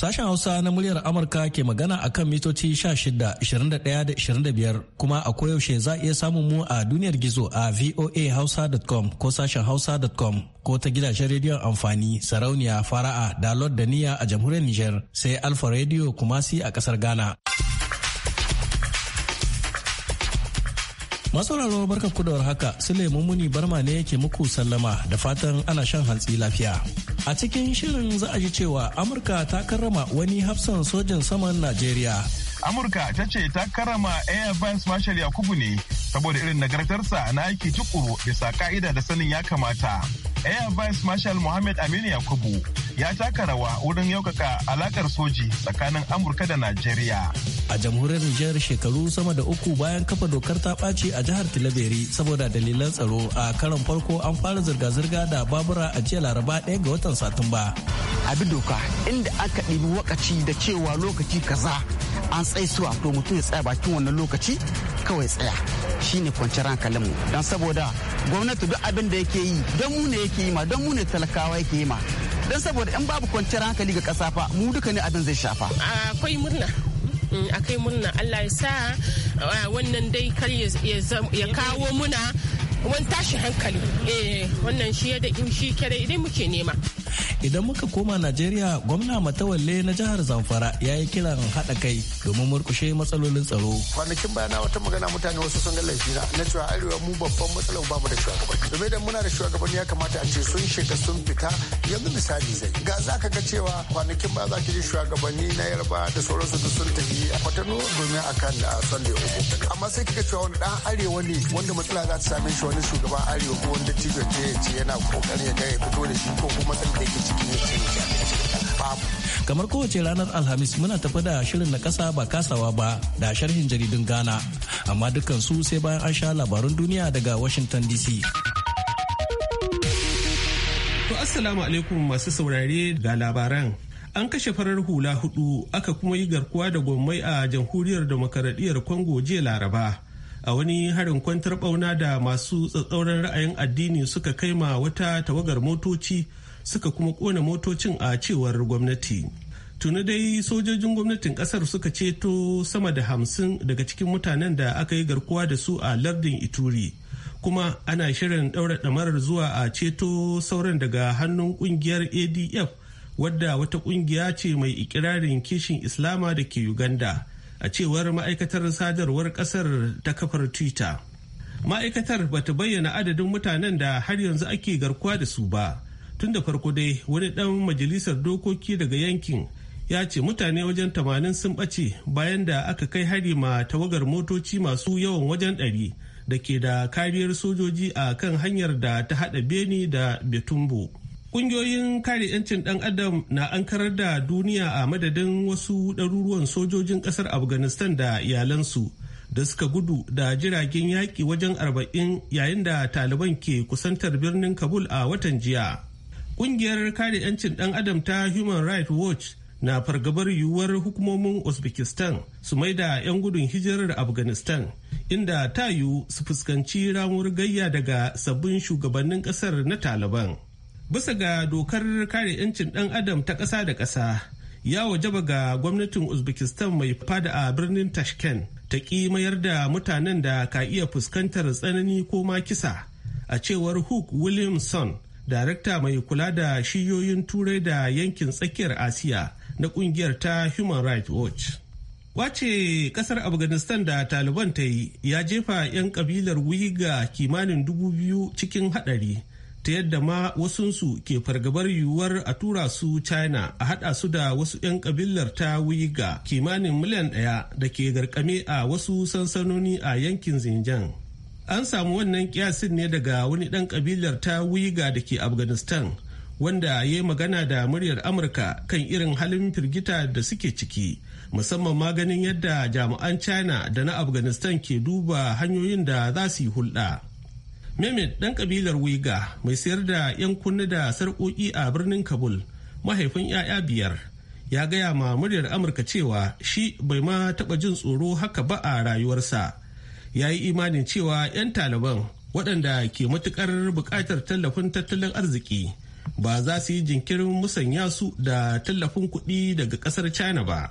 Sashen Hausa na muryar Amurka ke magana a kan mitoci 16, 21 25 kuma a koyaushe za a iya samun mu a duniyar gizo a voahausa.com ko sashen hausa.com ko ta gidajen rediyon amfani sarauniya fara'a dalot da niya a jamhuriyar Nijar sai Alfa rediyo Kumasi a kasar Ghana. masauraro barka kudawar haka sule muni barma ne yake muku sallama da fatan ana shan hantsi lafiya a cikin shirin za a ji cewa amurka ta karrama wani hafsan sojan saman najeriya amurka ta ce ta karrama air vice marshal yakubu ne saboda irin nagartarsa na aiki tukuru bisa ka'ida da sanin ya kamata air vice marshal Mohammed aminu yakubu ya taka rawa wurin yaukaka alakar soji tsakanin amurka da najeriya a jamhuriyar Nijar shekaru sama da uku bayan kafa dokar ta ɓaci a jihar Tilaberi saboda dalilan tsaro a karon farko an fara zirga-zirga da babura a jiya laraba ɗaya ga watan Satumba. A bi doka inda aka ɗibi wakaci da cewa lokaci kaza an suwa to mutum ya tsaya bakin wannan lokaci kawai tsaya shine kwanciyar hankalin mu don saboda gwamnati duk abin da yake yi don mu ne yake yi ma don mu ne talakawa yake yi ma don saboda in babu kwanciyar hankali ga kasa fa mu duka ne abin zai shafa akwai murna a kai murna Allah ya sa wannan dai kar ya kawo muna wani tashi hankali eh, wannan shi da shi kere idan muke nema idan muka koma najeriya gwamna matawalle na jihar zamfara ya yi kiran haɗa kai domin murkushe matsalolin tsaro kwanakin bayana wata magana mutane wasu sun ga shi na cewa arewa mu babban matsalar bamu da shugabanni domin idan muna da shugabanni ya kamata a ce sun shiga sun fita yanzu misali zai ga za ka ga cewa kwanakin ba za ki ji shugabanni na yarba da sauransu da sun tafi a kwatano domin a kan akan sunday uku. amma sai kika cewa wani dan arewa ne wanda matsala za ta same shi wani shugaban arewa ko wanda tijo ta ya ce yana kokarin ya ga fito da shi ko kuma san da yake cikin ya ce babu. kamar kowace ranar alhamis muna tafi da shirin na kasa ba kasawa ba da sharhin jaridun ghana amma dukansu sai bayan an sha labarun duniya daga washington dc. To assalamu alaikum masu saurare ga labaran. An kashe farar hula hudu aka kuma yi garkuwa da gwamnati a jamhuriyar demokaradiyyar Congo jiya Laraba a wani harin kwantar bauna da masu tsatsauran ra'ayin addini suka kai ma wata tawagar motoci suka kuma kona motocin a cewar gwamnati tuni dai sojojin gwamnatin kasar suka ceto sama da hamsin daga cikin mutanen da aka yi garkuwa da su a lardin ituri kuma ana shirin ɗaura ɗamarar zuwa a ceto sauran daga hannun ƙungiyar adf wadda wata ƙungiya ce mai ikirarin kishin islama da ke uganda a cewar ma'aikatar sadarwar kasar ta kafar twitter ma'aikatar bata bayyana adadin mutanen da har yanzu ake garkuwa da su ba tun da farko dai wani dan majalisar dokoki daga yankin ya ce mutane wajen tamanin sun ɓace bayan da aka kai hari ma tawagar motoci masu yawan wajen ɗari da ke da kariyar sojoji a kan hanyar da ta haɗa beni da betumbo Ƙungiyoyin kare 'yancin ɗan adam na ankarar da duniya a madadin wasu ɗaruruwan sojojin ƙasar Afghanistan da iyalansu da suka gudu da jiragen yaƙi wajen arba'in yayin da taliban ke kusantar birnin Kabul a watan jiya. Ƙungiyar kare 'yancin ɗan adam ta Human Rights Watch na fargabar yiwuwar hukumomin Uzbekistan su mai da 'yan gudun hijirar Afghanistan inda ta yiwu su fuskanci ramuwar gayya daga sabbin shugabannin ƙasar na Taliban. bisa ga dokar kare 'yancin ɗan adam ta ƙasa da ƙasa ya wajaba ga gwamnatin uzbekistan mai fada a birnin tashkent ta ƙi mayar da mutanen da ka iya fuskantar tsanani ko ma kisa a cewar hook williamson darakta mai kula da shiyoyin turai da yankin tsakiyar asiya na kungiyar ta human rights watch wace kasar afghanistan da taliban ta yi ya jefa 'yan kabilar wiga kimanin dubu biyu cikin hadari ta yadda ma wasunsu ke fargabar yiwuwar a tura su china a hada su da wasu 'yan kabilar ta wiga kimanin miliyan daya da ke garkame a wasu sansanoni a yankin xinjiang an samu wannan kiyasin ne daga wani dan kabilar ta wiga da ke afghanistan wanda ya yi magana da muryar amurka kan irin halin firgita da suke ciki musamman maganin yadda jami'an china da na afghanistan ke duba hanyoyin da za su yi hulɗa. mehmet ɗan ƙabilar wiga mai sayar da 'yan kunna da sarƙoƙi a birnin kabul mahaifin 'ya'ya biyar ya gaya ma muryar amurka cewa shi bai ma taba jin tsoro haka ba a rayuwarsa ya yi imanin cewa 'yan taliban waɗanda ke matukar buƙatar tallafin tattalin arziki ba za su yi jinkirin musanya su da tallafin kuɗi daga ƙasar china ba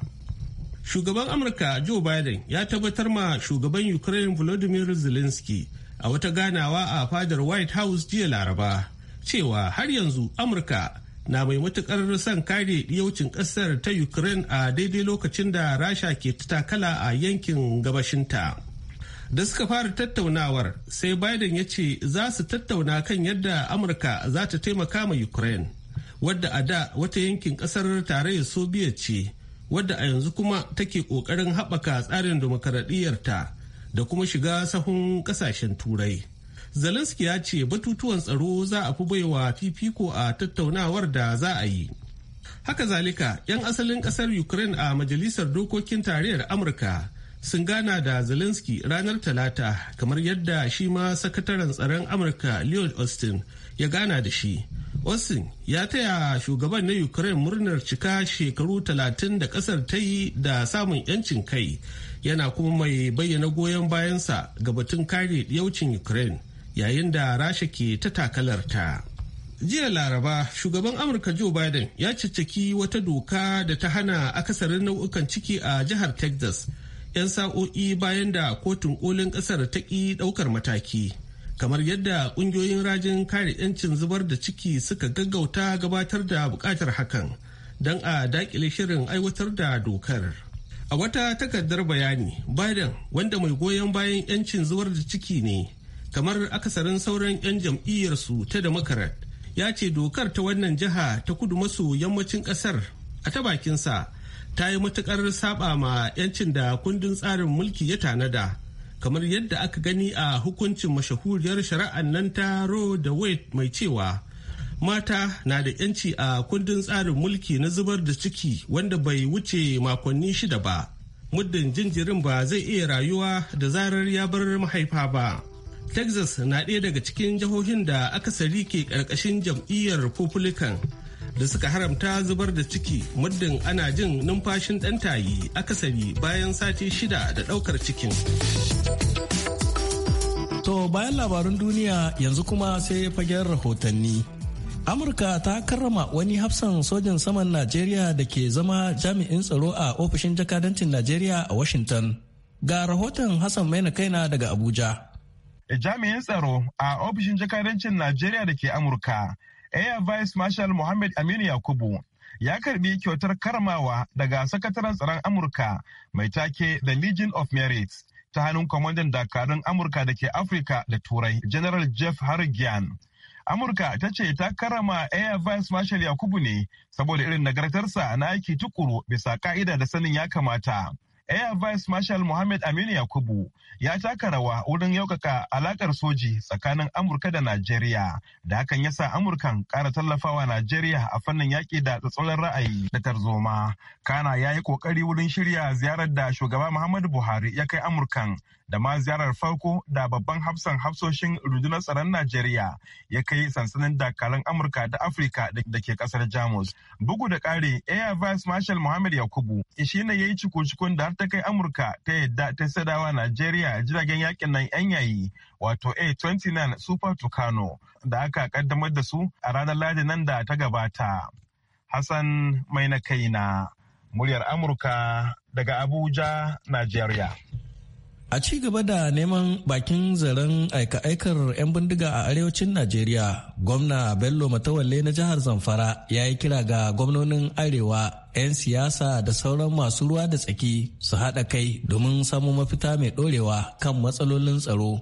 shugaban amurka joe biden ya tabbatar ma shugaban ukraine volodymyr zelensky a wata ganawa a fadar white house jiya laraba cewa har yanzu amurka na mai matukar son kare yaucin kasar ta ukraine a daidai lokacin da rasha ke takala a yankin gabashinta da suka fara tattaunawar sai biden ya ce za su tattauna kan yadda amurka za ta taimaka ma ukraine wadda a da wata yankin kasar tarayyar soviet ce wadda a yanzu kuma take kokarin haɓaka tsarin dimokuraɗiyyarta da kuma shiga sahun kasashen turai zelensky ya ce batutuwan tsaro za a fi baiwa fifiko a tattaunawar da za a yi haka zalika 'yan asalin kasar ukraine a majalisar dokokin tarayyar amurka sun gana da zelensky ranar talata kamar yadda shi ma sakataren tsaron amurka leon austin ya gana da shi austin ya taya shugaban na ukraine murnar cika shekaru talatin da kasar ta yi da samun 'yancin kai yana kuma mai bayyana goyon bayansa ga batun kare yaucin ukraine yayin da rasha ke ta takalarta jiya laraba shugaban amurka joe biden ya cicciki wata doka da ta hana akasarin nau'ukan ciki a jihar texas 'yan sa'o'i bayan da kotun kolin kasar ta ƙi ɗaukar mataki kamar yadda ƙungiyoyin rajin kare 'yancin zubar da ciki suka gaggauta gabatar da buƙatar hakan don a daƙile shirin aiwatar da dokar. A wata takardar bayani, Biden wanda mai goyon bayan 'yancin zuwar da ciki ne, kamar akasarin sauran 'yan jam'iyyarsu ta Democrat, ya ce dokar ta wannan jiha ta kudu maso yammacin kasar a ta bakinsa ta yi matukar saba ma 'yancin da kundin tsarin mulki ya tanada. kamar yadda aka gani a hukuncin mashahuriyar shari'ar nan ta Roe da Wade mai cewa mata na da 'yanci a kundin tsarin mulki na zubar da ciki wanda bai wuce makonni shida ba muddin jinjirin ba zai iya rayuwa da zarar ya bar mahaifa ba texas na ɗaya daga cikin jihohin da akasari ke ƙarƙashin jam'iyyar republican da suka haramta zubar da ciki muddin ana jin numfashin ɗan tayi akasari bayan sati shida da ɗaukar cikin to bayan labarun duniya yanzu kuma sai fagen rahotanni amurka ta karrama wani hafsan sojan saman najeriya da ke zama jami'in tsaro a ofishin jakadancin najeriya a washington ga rahoton hassan maina kaina daga abuja jami'in tsaro a ofishin jakadancin najeriya da ke amurka air vice marshal Mohammed aminu yakubu ya karbi kyautar karmawa daga sakataren tsaron amurka mai take the legion of merit ta hannun kwamandan dakarun amurka da ke afirka da turai general jeff harrigan Amurka ta ce ta karama Air Vice Marshal Yakubu ne saboda irin nagartarsa na aiki tukuru bisa ka'ida da sanin ya kamata. Air Vice Marshal Mohammed Aminu Yakubu ya taka rawa wurin yaukaka alakar soji tsakanin Amurka da Najeriya da hakan yasa Amurkan kara tallafawa Najeriya a fannin yaƙi da tsatsauran ra'ayi da tarzoma. Kana ya yi ƙoƙari wurin shirya ziyarar da shugaba Muhammadu Buhari ya kai Amurkan da ma ziyarar farko da babban hafsan hafsoshin rundunar tsaron Najeriya ya kai sansanin dakalan Amurka da Afirka da ke ƙasar Jamus. Bugu da ƙari Air Vice Marshal Mohammed Yakubu shi ne ya yi ciko-cikon da ta kai Amurka ta yadda ta sadawa Najeriya jiragen yakin nan 'yan yayi wato A-29 Super Tucano da aka kaddamar da su a ranar Ladi nan da ta gabata. Hassan mai na kaina, muryar Amurka daga Abuja, Najeriya. A ci gaba da neman bakin zaren aika-aikar 'yan bindiga a arewacin Najeriya, gwamna Bello Matawalle na jihar Zamfara ya yi kira ga gwamnonin Arewa, 'yan siyasa da sauran masu ruwa da tsaki su haɗa kai domin samun mafita mai ɗorewa kan matsalolin tsaro.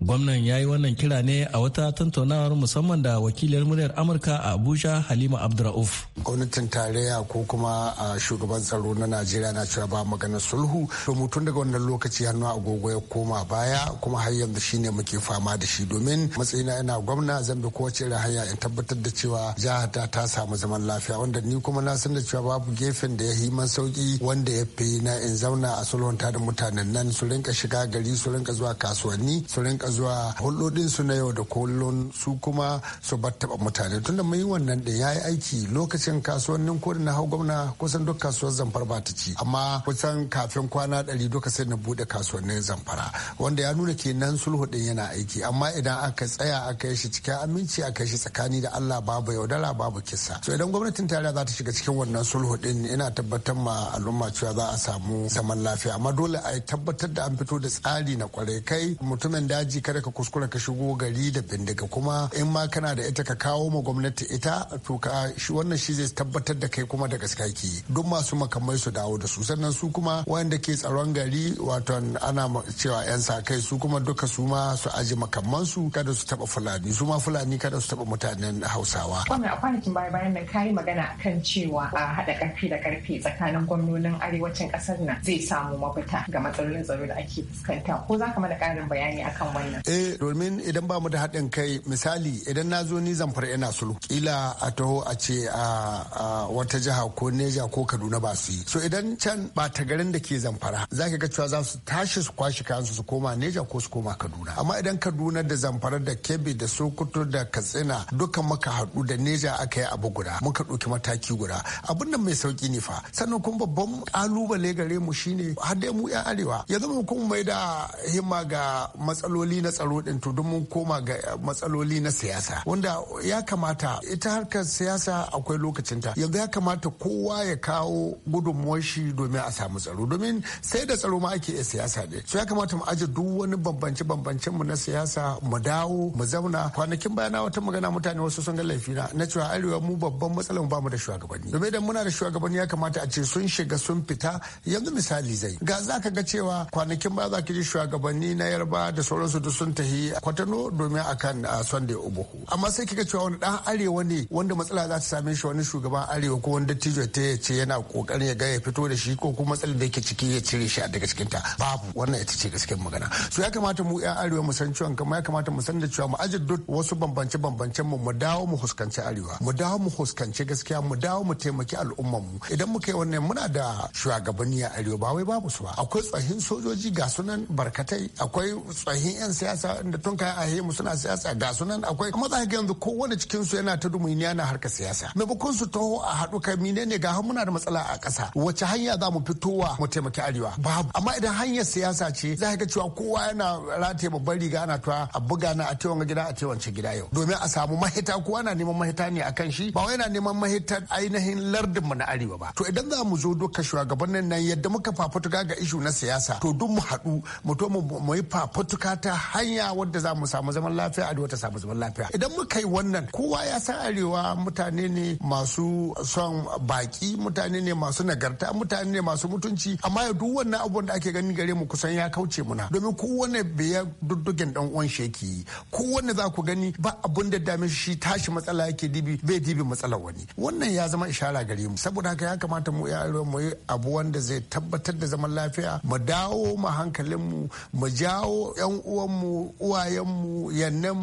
Gwamnan ya yi wannan kira ne a wata tantaunawar musamman da wakiliyar muryar Amurka a Abuja Halima Abdurrauf. gwamnatin tarayya ko kuma shugaban tsaro na najeriya na cewa ba maganar sulhu to tun daga wannan lokaci hannu agogo ya koma baya kuma har yanzu shine muke fama da shi domin matsayina ina gwamna zan bi kowace irin hanya in tabbatar da cewa jihata ta ta samu zaman lafiya wanda ni kuma na san da cewa babu gefen da ya yi man sauki wanda ya fi na in zauna a sulhunta da mutanen nan su rinka shiga gari su rinka zuwa kasuwanni su rinka zuwa hulɗoɗin su na yau da kullun su kuma su bar taɓa mutane tunda mun yi wannan da ya yi aiki lokacin cin kasuwannin ko na hau gwamna kusan duk kasuwar zamfara ba ta ci amma kusan kafin kwana ɗari duka sai na buɗe kasuwannin zamfara wanda ya nuna kenan sulhu din yana aiki amma idan aka tsaya aka yi shi cikin aminci aka yi shi tsakani da Allah babu yaudara babu kisa so idan gwamnatin tarayya za ta shiga cikin wannan sulhu ɗin ina tabbatar ma al'umma cewa za a samu zaman lafiya amma dole a tabbatar da an fito da tsari na kwarai kai mutumin daji kada ka kuskura ka shigo gari da bindiga kuma in ma kana da ita ka kawo ma gwamnati ita to ka shi wannan shi zai tabbatar da kai kuma da gaskiya ke duk masu makamai su dawo da su sannan su kuma wanda ke tsaron gari wato ana cewa yan sa kai su kuma duka su ma su aji makamman su kada su taba fulani su ma fulani kada su taba mutanen hausawa. kuma a kwanakin baya bayan nan kayi magana akan cewa a haɗa karfi da karfe tsakanin gwamnonin arewacin kasar nan zai samu mafita ga matsalolin tsaro da ake fuskanta ko za ka mana ƙarin bayani akan wannan. Eh domin idan ba mu da haɗin kai misali idan na zo ni zamfara ina sulhu kila a taho a ce a ah, a wata jiha ko neja ko kaduna ba su yi so idan can ba ta garin da ke zamfara za ka ga cewa za su tashi su kwashi kayansu su koma neja ko su koma kaduna amma idan kaduna da zamfara da kebe da sokoto da katsina dukan maka haɗu da neja aka yi abu guda muka ɗauki mataki guda abun nan mai sauki ne fa sannan kuma babban kalubale gare mu shine har dai mu yan arewa ya zama kuma mai da himma ga matsaloli na tsaro din to mun koma ga matsaloli na siyasa wanda ya kamata ita harkar siyasa akwai lokaci lokacinta yanzu ya kamata kowa ya kawo gudunmuwar shi domin a samu tsaro domin sai da tsaro ma ake iya siyasa ne so ya kamata mu aje duk wani bambance bambancen mu na siyasa mu dawo mu zauna kwanakin na wata magana mutane wasu sun ga laifina na cewa arewa mu babban matsalar mu bamu da shugabanni domin idan muna da shugabanni ya kamata a ce sun shiga sun fita yanzu misali zai ga za ka ga cewa kwanakin baya za ki ji shugabanni na yarba da sauransu duk sun tafi kwatano domin akan sunday obohu amma sai kika cewa wani dan arewa ne wanda matsala za ta same shi wani shugaban arewa ko wani dattijo ta ya ce yana kokarin ya ga ya fito da shi ko kuma matsalar da yake ciki ya cire shi a daga cikin ta babu wannan ita ce gaskiyar magana so ya kamata mu yan arewa mu san cewa kuma ya kamata mu san da cewa mu aje duk wasu bambance bambancen mu mu dawo mu huskanci arewa mu dawo mu huskanci gaskiya mu dawo mu taimaki al'umman mu idan muka yi wannan muna da shugabanni a arewa ba wai babu su ba akwai tsahin sojoji ga sunan barkatai akwai tsahin yan siyasa da tun kai a suna siyasa ga sunan akwai ga yanzu kowane cikin su yana ta dumuniya na harkar siyasa bukun su taho a haɗu kai ne ga muna da matsala a ƙasa wace hanya za mu fitowa mu taimaki arewa babu amma idan hanyar siyasa ce za ga cewa kowa yana rataye babban riga ana tuwa a buga na a tewanga gida a tewance gida yau domin a samu mahita kowa na neman mahita ne a kan shi ba wai yana neman mahita ainihin lardin mu na arewa ba to idan za mu zo duka shugabannin nan yadda muka fafutuka ga ishu na siyasa to duk mu haɗu mu to mu yi fafutuka ta hanya wadda za mu samu zaman lafiya arewa ta samu zaman lafiya idan muka yi wannan kowa ya san arewa mutane ne masu masu son baki mutane ne masu nagarta mutane ne masu mutunci amma ya duk wannan abubuwan da ake gani gare mu kusan ya kauce muna domin kowane biya duddugen dan uwan sheki kowane za ku gani ba abun da dame shi tashi matsala yake dibi bai dibi matsalar wani wannan ya zama ishara gare mu saboda haka ya kamata mu ya mu yi abu wanda zai tabbatar da zaman lafiya mu dawo mu hankalin mu mu jawo yan uwanmu uwayenmu manyan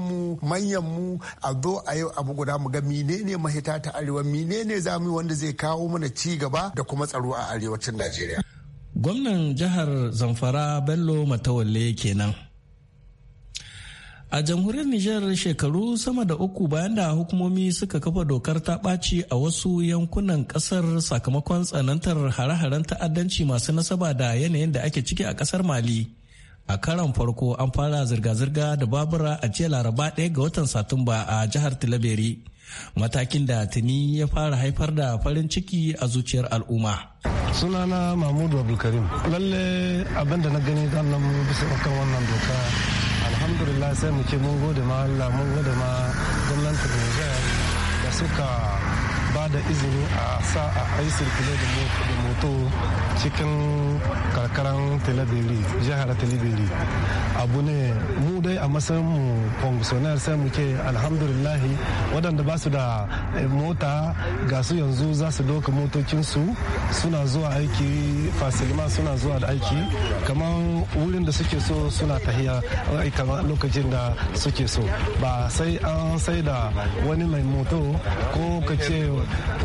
manyanmu a zo a yau abu guda mu ga menene mahita ta arewa menene za mu yi wanda zai kawo mana ci gaba da kuma tsaro a arewacin Najeriya. Gwamnan jihar Zamfara Bello Matawalle kenan. A jamhuriyar Nijar shekaru sama da uku bayan da hukumomi suka kafa dokar ta ɓaci a wasu yankunan ƙasar sakamakon tsanantar hare-haren ta'addanci masu nasaba da yanayin da ake ciki a ƙasar Mali. A karan farko an fara zirga-zirga da babura a jiya laraba ɗaya ga watan Satumba a jihar Tilaberi. matakin da tuni ya fara haifar da farin ciki a zuciyar al'umma sunana mahmudu abdulkarim lalle abinda na gani nan bisa kan wannan doka alhamdulillah sai muke mun gode ma allah mun gode ma gwamnati da suka da izini a sa a yi sirkule da moto cikin karkaran telebiri jihar telebiri abu ne mu dai a matsayin mu fungusonar sai muke alhamdulillahi waɗanda ba su da eh, mota ga su yanzu za su doka motocinsu suna zuwa aiki fasilima suna zuwa da aiki kamar wurin da suke so suna tahiya eh, kamar lokacin da suke so ba sai an sai da wani mai moto ko ka ce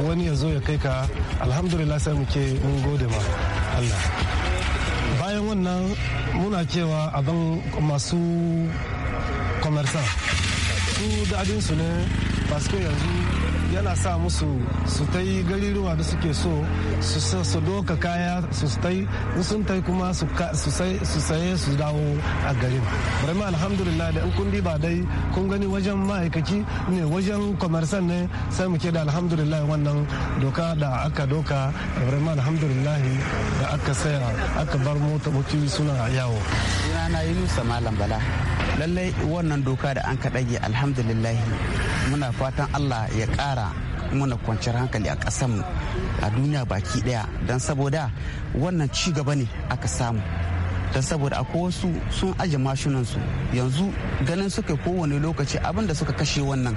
wani ya zo ya kai ka alhamdulillah sai muke mun gode ma allah bayan wannan muna cewa abin masu commerçant su dadin su ne basu yanzu yana sa musu su ta yi gariruwa da suke so su doka kaya su ta yi sun ta kuma su saye su dawo a garin barima alhamdulillah da in kun ba dai kun gani wajen ma'aikaci ne wajen kwamarsan ne sai muke da alhamdulillah wannan doka da aka doka barima alhamdulillah da aka saya aka bar mota suna yawo yi nusa malam bala lallai wannan doka da an ka alhamdulillah muna fatan allah ya kara muna kwanciyar hankali a ƙasarmu a duniya baki ɗaya don saboda wannan cigaba gaba ne aka samu don saboda akwai wasu sun aje mashinansu yanzu ganin suka kowane lokaci abin da suka kashe wannan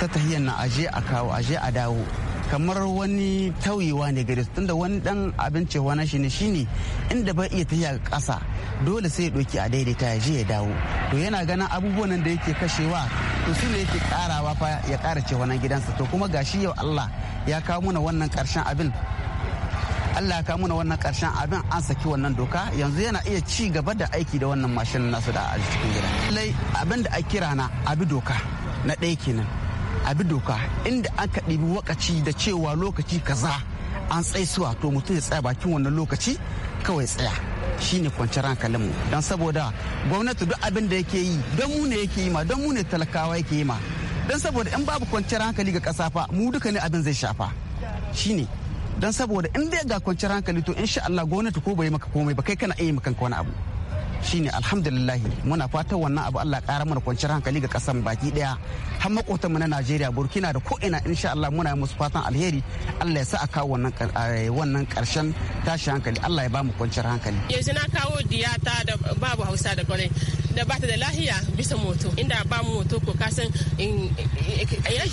ta tahiyar na aje a kawo aje a dawo kamar wani tauyewa ne gare su tunda wani dan abinci wani shi ne shine inda bai iya tafiya kasa dole sai ya doki a daidaita ya je ya dawo to yana ganin abubuwan da yake kashewa to su ne yake karawa fa ya kara ce wani gidansa to kuma gashi yau Allah ya kawo mana wannan karshen abin Allah ya kawo mana wannan karshen abin an saki wannan doka yanzu yana iya ci gaba da aiki da wannan mashin nasu da a cikin gida. Lai abin da a kira na abi doka na ɗaya kenan. a bi doka inda aka ɗibi wakaci da cewa lokaci kaza an tsaisuwa to mutum ya tsaya bakin wannan lokaci kawai tsaya shi ne kwanciyar hankalin mu don saboda gwamnati duk abin da yake yi don mu ne yake yi ma don mu ne talakawa yake yi ma don saboda in babu kwanciyar hankali ga ƙasa fa mu duka ne abin zai shafa shi ne don saboda in dai ga kwanciyar hankali to insha Allah gwamnati ko bai maka komai ba kai kana iya maka wani abu shine alhamdulillah muna fatan wannan abu Allah ƙara mana kwanciyar hankali ga kasan baki daya har makotan mu na Najeriya Burkina da ko ina insha Allah muna musu fatan alheri Allah ya sa a kawo wannan wannan karshen tashi hankali Allah ya ba mu kwanciyar hankali yanzu na kawo diyata da babu Hausa da kwarai da bata da lahiya bisa moto inda ba mu moto ko kasan in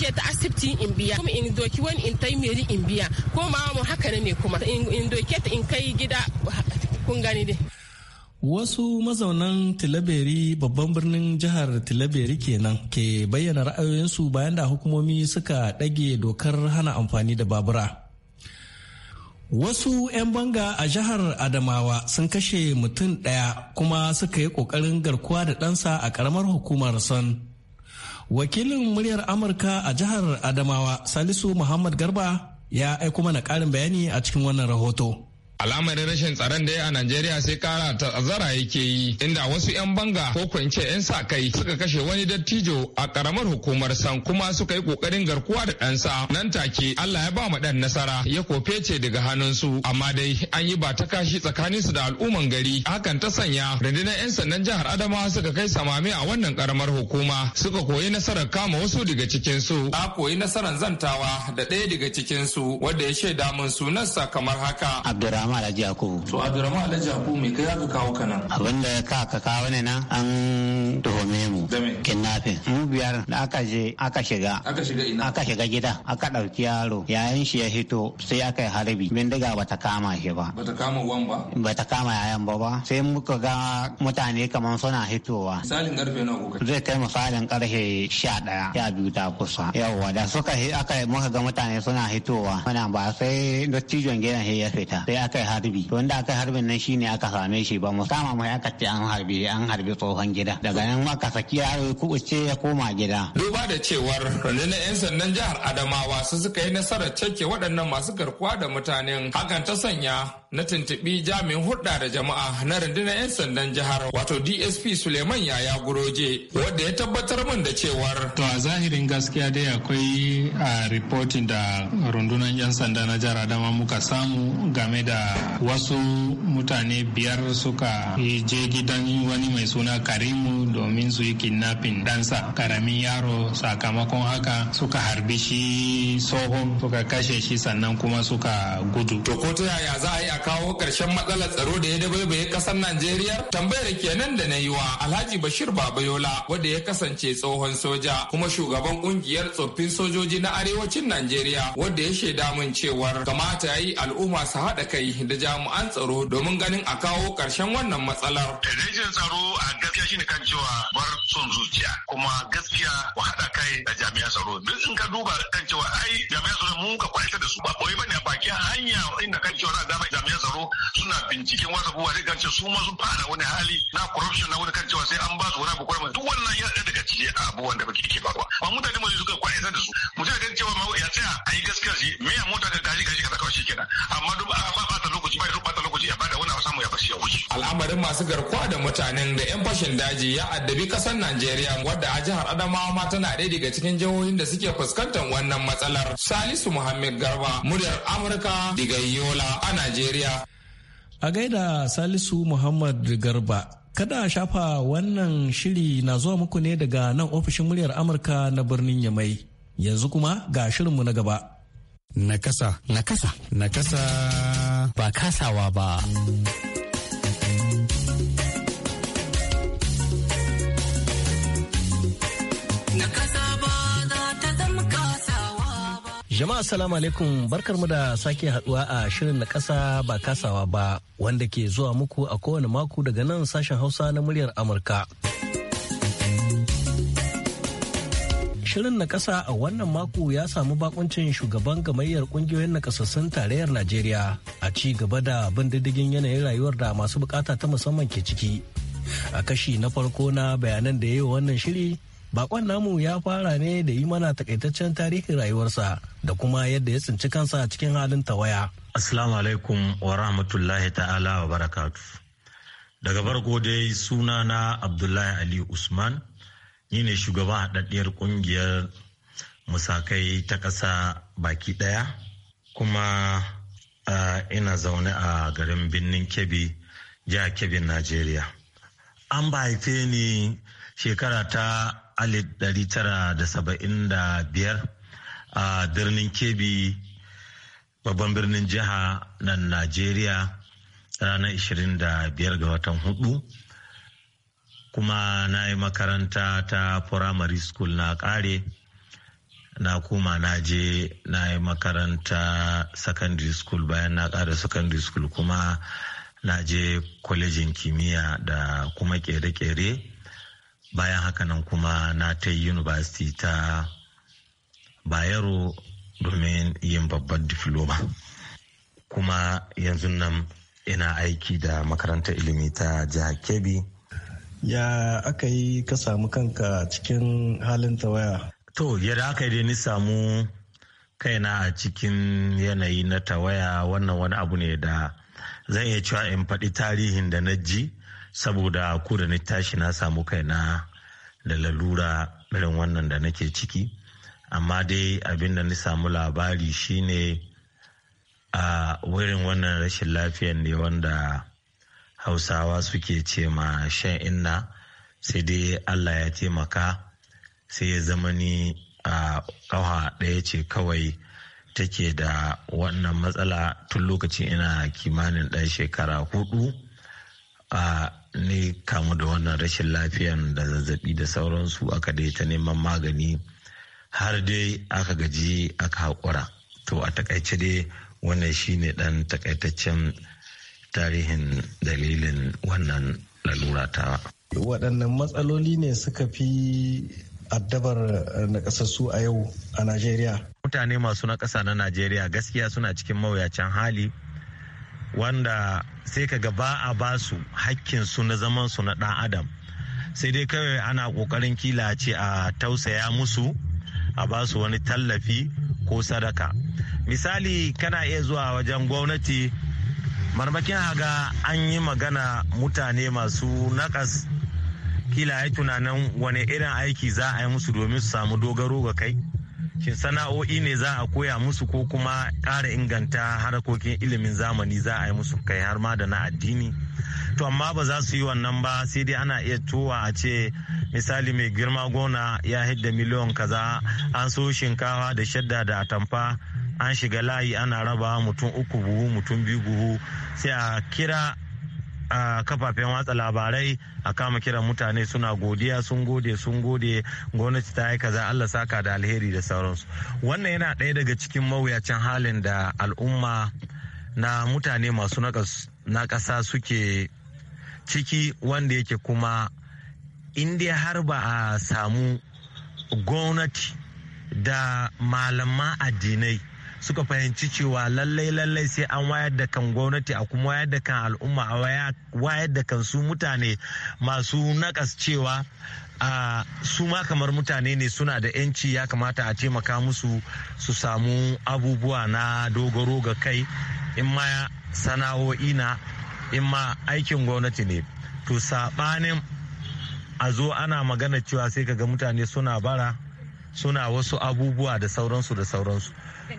je ta asibiti in biya kuma in doki wani in tai meri in biya ko ma mu haka ne kuma in doke ta in kai gida kun gani dai Wasu mazaunan Tilaberi babban birnin jihar Tilaberi kenan ke bayyana ra'ayoyinsu bayan da hukumomi suka ɗage dokar hana amfani da babura. Wasu 'yan banga a jihar Adamawa sun kashe mutum ɗaya kuma suka yi ƙoƙarin garkuwa da ɗansa a ƙaramar hukumar son. Wakilin muryar Amurka a jihar Adamawa Salisu Muhammad Garba ya aiko mana ƙarin bayani a cikin wannan rahoto. al'amarin rashin tsaron da ya a najeriya sai kara ta'azzara yake yi inda wasu 'yan banga ko kwance 'yan sa kai suka kashe wani dattijo a karamar hukumar san kuma suka yi kokarin garkuwa da ɗansa nan take allah ya ba mu ɗan nasara ya kofe ce daga hannunsu amma dai an yi ba ta kashi tsakaninsu da al'umman gari hakan ta sanya rundunar 'yan sandan jihar adamawa suka kai samame a wannan karamar hukuma suka koyi nasarar kama wasu daga cikinsu Na koyi nasarar zantawa da ɗaya daga cikin su wanda ya shaida min sunansa kamar haka abdurrahman Abdurrahman Alhaji Yakubu. To Abdurrahman Alhaji Yakubu me kai aka kawo kana? Abin da ka ka kawo ne nan an tuhume mu. Da me? Mu biyar da aka je aka shiga. Aka shiga ina? Aka shiga gida. Aka ɗauki yaro. Yayin shi ya hito sai aka yi harbi. Bindiga bata kama shi ba. Bata kama wan ba? Bata kama yayan ba ba. Sai muka ga mutane kamar suna hitowa. Misalin karfe nawa kuka? Zai kai misalin karfe sha ɗaya ya biyu ta kusa. Yawwa da suka aka muka ga mutane suna hitowa. Muna ba sai dattijon gidan ya fita. Sai aka aka yi harbi to inda aka yi harbin nan shine aka same shi ba mu mai aka ce an harbi an harbi tsohon gida daga nan aka saki yaro ce ya koma gida duba da cewar rundunar yan sandan jihar adamawa su suka yi nasarar cake waɗannan masu garkuwa da mutanen hakan ta sanya na tuntuɓi jami'in hulɗa da jama'a na rundunar yan sandan jihar wato dsp suleiman yaya guroje wanda ya tabbatar min da cewar to a zahirin gaskiya dai akwai a ah, reporting da rundunar yan sanda na jihar adamawa muka samu game da wasu mutane biyar suka je gidan wani mai suna karimu domin su yi kidnapping dansa karamin yaro sakamakon haka suka harbi shi tsohon suka kashe shi sannan kuma suka gudu to ko ta yaya za a yi a kawo karshen matsalar tsaro da ya dabaibaye kasar najeriya tambayar kenan da na yi wa alhaji bashir babayola wanda ya kasance tsohon soja kuma shugaban ƙungiyar tsoffin sojoji na arewacin najeriya wanda ya shaida min cewar kamata ya yi al'umma su haɗa kai da jami'an tsaro domin ganin a kawo karshen wannan matsalar. Rashin tsaro a gaskiya ne kan cewa bar son zuciya kuma gaskiya ku haɗa kai da jami'an tsaro. Duk in ka duba kan cewa ai jami'an tsaro mun ka kwaitar da su ba koyi ne a bakin hanya inda kan cewa za a dama suna binciken wasa abubuwa kan gance su ma sun fara wani hali na corruption na wani kan cewa sai an ba su wani abu kwarai duk wannan ya daga cikin abubuwan da ke faruwa amma mutane mu suka kwaisa da su mutane kan cewa ma ya tsaya a yi gaskiya shi me ya mota ga gaji gaji kaza kawai shikenan amma duk ba ba ta lokaci ba ba ta lokaci ya bada wani a samu ya fashi ya wuce al'amarin masu garkuwa da mutanen da yan fashin daji ya addabi kasar Najeriya wadda a jihar Adamawa ma tana ɗaya daga cikin jihohin da suke fuskantar wannan matsalar Salisu Muhammad Garba muryar Amurka daga Yola a Najeriya A gaida Salisu Muhammad Garba, kada a shafa wannan shiri na zuwa muku ne daga nan ofishin muryar Amurka na birnin Yamai. Yanzu kuma ga shirinmu na gaba. Nakasa. Nakasa. Nakasa. Ba kasawa ba. Nakasa. Jama'a salamu alaikum mu da sake haduwa a shirin na kasa ba kasawa ba wanda ke zuwa muku a kowane mako daga nan sashen Hausa na muryar Amurka. Shirin na kasa a wannan mako ya samu bakuncin shugaban gamayyar kungiyoyin nakasassun tarayyar Najeriya a ci gaba da bin diddigin yanayin rayuwar da masu bukata ta musamman ke ciki. A kashi na farko na bayanan da ya yi wannan shiri Bakon namu ya fara ne da yi mana takaitaccen tarihin rayuwarsa da kuma yadda ya tsinci kansa a cikin halin tawaya. Asalamu alaikum wa rahmatullahi ta'ala wa barakatu. Daga farko dai suna na Abdullahi Ali Usman, ni ne shugaban haɗaɗɗiyar ƙungiyar musakai ta ƙasa baki ɗaya, kuma uh, ina zaune a garin birnin Kebbi, jihar Kebbi, Najeriya. An ba haife ni shekara ta 1975 a birnin Kebbi babban birnin jiha na Najeriya ranar 25 ga watan hudu kuma na yi makaranta ta primary school na kare na kuma na je na yi makaranta secondary school bayan na kare secondary school kuma na je kwalejin kimiyya da kuma kere-kere bayan hakanan kuma na ta yi university ta bayero domin yin babban diploma kuma yanzu nan ina aiki da makarantar ilimi ta jihar kebbi ya aka yi ka samu kanka cikin halin tawaya to yadda aka yi dai ni samu kaina a cikin yanayi na tawaya wannan wani abu ne da zan iya cewa in faɗi tarihin da na ji saboda ko da na tashi na samu kaina da lalura irin wannan da nake ciki amma dai abin da na samu labari shine a wurin wannan rashin lafiyan ne wanda hausawa suke ce ma shan inna sai dai allah ya taimaka sai ya zama ni a ƙawa ɗaya ce kawai take da wannan matsala tun lokacin ina kimanin ɗan shekara hudu a ne kamu da wannan rashin lafiyan da zazzabi da sauransu aka dai ta neman magani har dai aka gaji aka haƙura to a takaice dai wannan shine ɗan takaitaccen tarihin dalilin wannan lalura ta waɗannan matsaloli ne suka fi addabar nakasassu a yau a najeriya mutane masu nakasa na najeriya gaskiya suna cikin mawuyacin hali wanda sai ka ba a basu su su na zaman su na ɗan adam sai dai kawai ana ƙoƙarin kila ce a tausaya musu a basu wani tallafi ko sadaka misali kana iya zuwa wajen gwamnati marmakin haga an yi magana mutane masu nakas kila ya tunanin wani irin aiki za a yi musu domin su samu dogaro ga kai shin sana'o'i ne za a koya musu ko kuma ƙara inganta harkokin ilimin zamani za a yi musu kai har ma da na addini to amma ba za su yi wannan ba sai dai ana iya towa a ce misali mai girma gona ya hidda miliyon kaza an so shinkawa da shadda da atamfa an shiga layi ana raba mutum uku buhu mutum biyu buhu sai a kira a kafafen watsa labarai a kama kiran mutane suna godiya sun gode sun gode gwamnati ta yi kaza allah saka da alheri da sauransu wannan yana ɗaya daga cikin mawuyacin halin da al'umma na mutane masu na ƙasa suke ciki wanda yake kuma indiya har ba a samu gwamnati da malaman addinai suka fahimci cewa lallai lallai sai an wayar da kan gwamnati a kuma wayar da kan al'umma a wayar da kan su mutane masu nakas cewa a su ma kamar mutane ne suna da 'yanci ya kamata a taimaka musu su samu abubuwa na dogaro ga kai in ma sana'o'i na in ma aikin gwamnati ne to saɓanin a zo ana magana cewa sai kaga mutane suna bara suna wasu abubuwa da sauransu da sauransu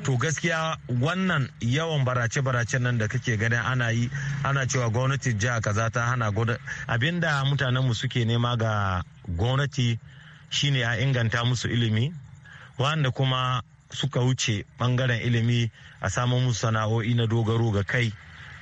to gaskiya wannan yawan barace-baracen nan da kake ganin ana yi ana cewa gwamnati jiha kaza ta hana abinda mu suke nema ga gwamnati shine a inganta musu ilimi wanda kuma suka wuce bangaren ilimi a samun musu sana'o'i na dogaro ga kai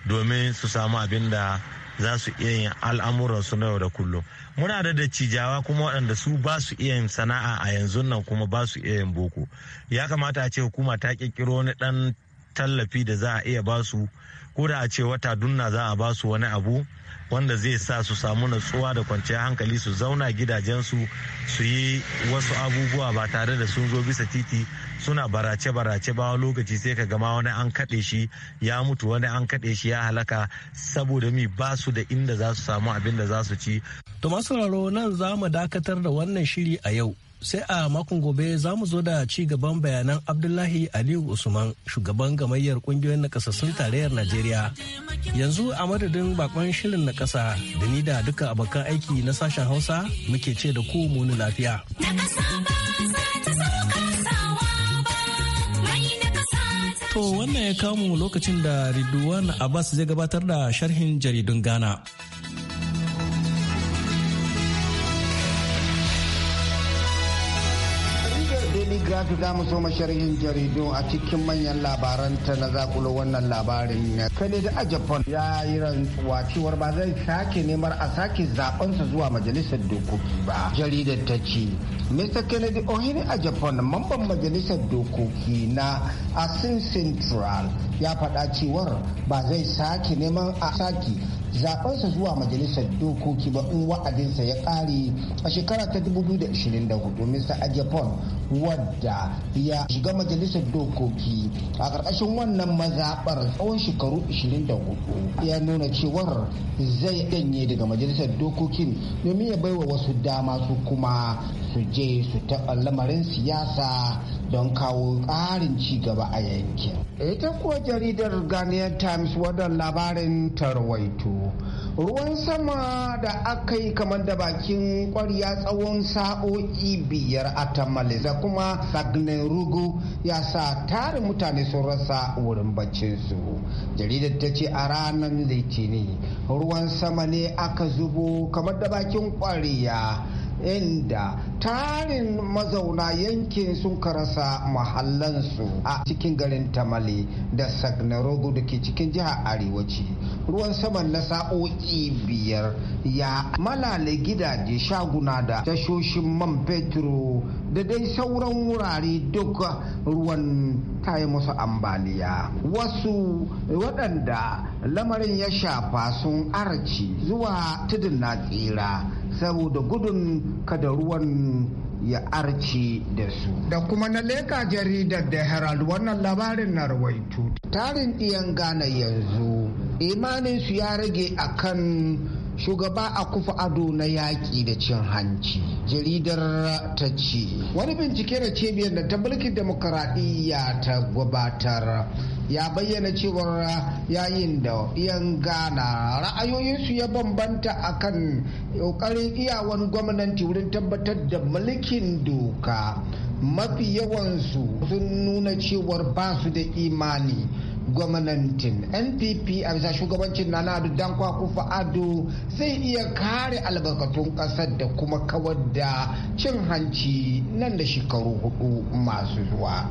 domin su samu abin da za su iya yin al'amuran su na yau da kullum muna da dattijawa kuma waɗanda su ba su iya yin sana'a a yanzu nan kuma ba su iya yin boko ya kamata a ce hukuma ta kirkiro wani ɗan tallafi da za a iya ba su ko a ce wata dunna za a ba su wani abu wanda zai sa su samu natsuwa da kwanciyar hankali su zauna gidajensu su yi wasu abubuwa ba tare da sun zo bisa titi suna barace-barace ba lokaci sai ka gama wani an kaɗe shi ya mutu wani an kaɗe shi ya halaka saboda mi ba su da inda za su samu abin da za su ci. To masu nan za mu dakatar da wannan shiri a yau sai a makon gobe za mu zo da ci gaban bayanan Abdullahi Aliyu Usman shugaban gamayyar kungiyoyin nakasassun tarayyar Najeriya. Yanzu a madadin bakon shirin na kasa da ni da duka abokan aiki na sashen Hausa muke ce da ku muni lafiya. To wannan ya kamu lokacin da Ridwan Abbas zai gabatar da sharhin jaridun Ghana. Shamsiyatu za mu so sharhin jaridu a cikin manyan labaran ta na zakulo wannan labarin ne. kane da Japan ya yi rantsuwa cewar ba zai sake neman a sake zabensa zuwa majalisar dokoki ba. Jaridar ta ce Mr. Kennedy a Japan mamban majalisar dokoki na Asin Central ya faɗa cewar ba zai sake neman a sake zabensa zuwa majalisar dokoki ba in wa'adinsa ya ƙare a shekara ta 2024 Mr. Japan. wadda ya shiga majalisar dokoki a ƙarƙashin wannan mazaɓar tsawon shekaru 24 ya nuna cewar zai danye daga majalisar dokokin domin ya baiwa wasu dama su kuma su je su taɓa lamarin siyasa don kawo ƙarin ci gaba a yankin. Ita kuwa jaridar Ghanaian Times wadda labarin tarwaito. Ruwan sama da aka yi kamar da bakin ƙwarya tsawon sa'o'i biyar a Tamale kuma Sagne Rugu ya sa tare mutane sun rasa wurin su Jaridar ta ce a ranar Litinin ruwan sama ne aka zubo kamar da bakin kwariya. inda tarin mazauna yankin sun karasa mahallansu a cikin garin tamale da sagnarogo da ke cikin jihar arewaci ruwan saman na sa'o'i biyar ya malale gidaje shaguna da tashoshin man fetur da dai sauran wurare duk ruwan ta musu ambaliya wasu waɗanda lamarin ya shafa sun arci zuwa tudun na tsira saboda gudun kada ruwan ya arce da su. Da kuma na leka jaridar da Herald wannan labarin na rawaitu. Tarin ɗiyan gana yanzu imanin su ya rage akan shugaba a kufa ado na yaƙi da cin hanci jaridar ta ce wani bincike da cibiyar da ta mulkin demokaradiyya ta gabatar ya bayyana cewar yayin da yan ghana ra'ayoyinsu ya bambanta a kan ƙoƙarin iyawan gwamnati wurin tabbatar da mulkin doka mafi yawansu sun nuna cewar ba su da imani gwamnatin npp a bisa shugabancin na adu dankwa kufa ado zai iya kare albarkatun kasar da kuma kawar da cin hanci nan da shekaru hudu masu zuwa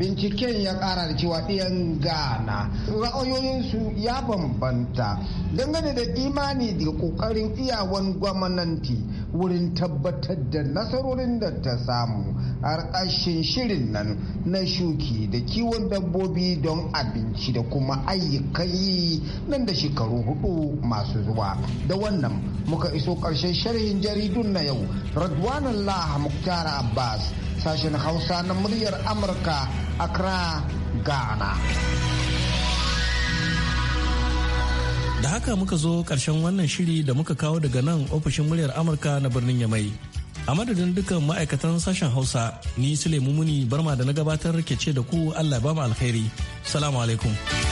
binciken ya kara da cewa ɗiyan ghana ra'ayoyinsu ya bambanta dangane da imani da ƙoƙarin iyawan gwamnati wurin tabbatar da nasarorin da ta samu ƙarƙashin shirin nan na shuki da kiwon dabbobi don abinci da kuma ayyukan yi nan da shekaru hudu masu zuwa da wannan muka iso ƙarshen sharhin jaridun na yau radwanan lah muktar abbas sashen hausa na muryar amurka accra ghana da haka muka zo karshen wannan shiri da muka kawo daga nan ofishin muryar amurka na birnin yamai a madadin dukkan ma'aikatan sashen hausa ni sule muni barma da na gabatar ke ce da ku allah ba mu alkhairi salamu alaikum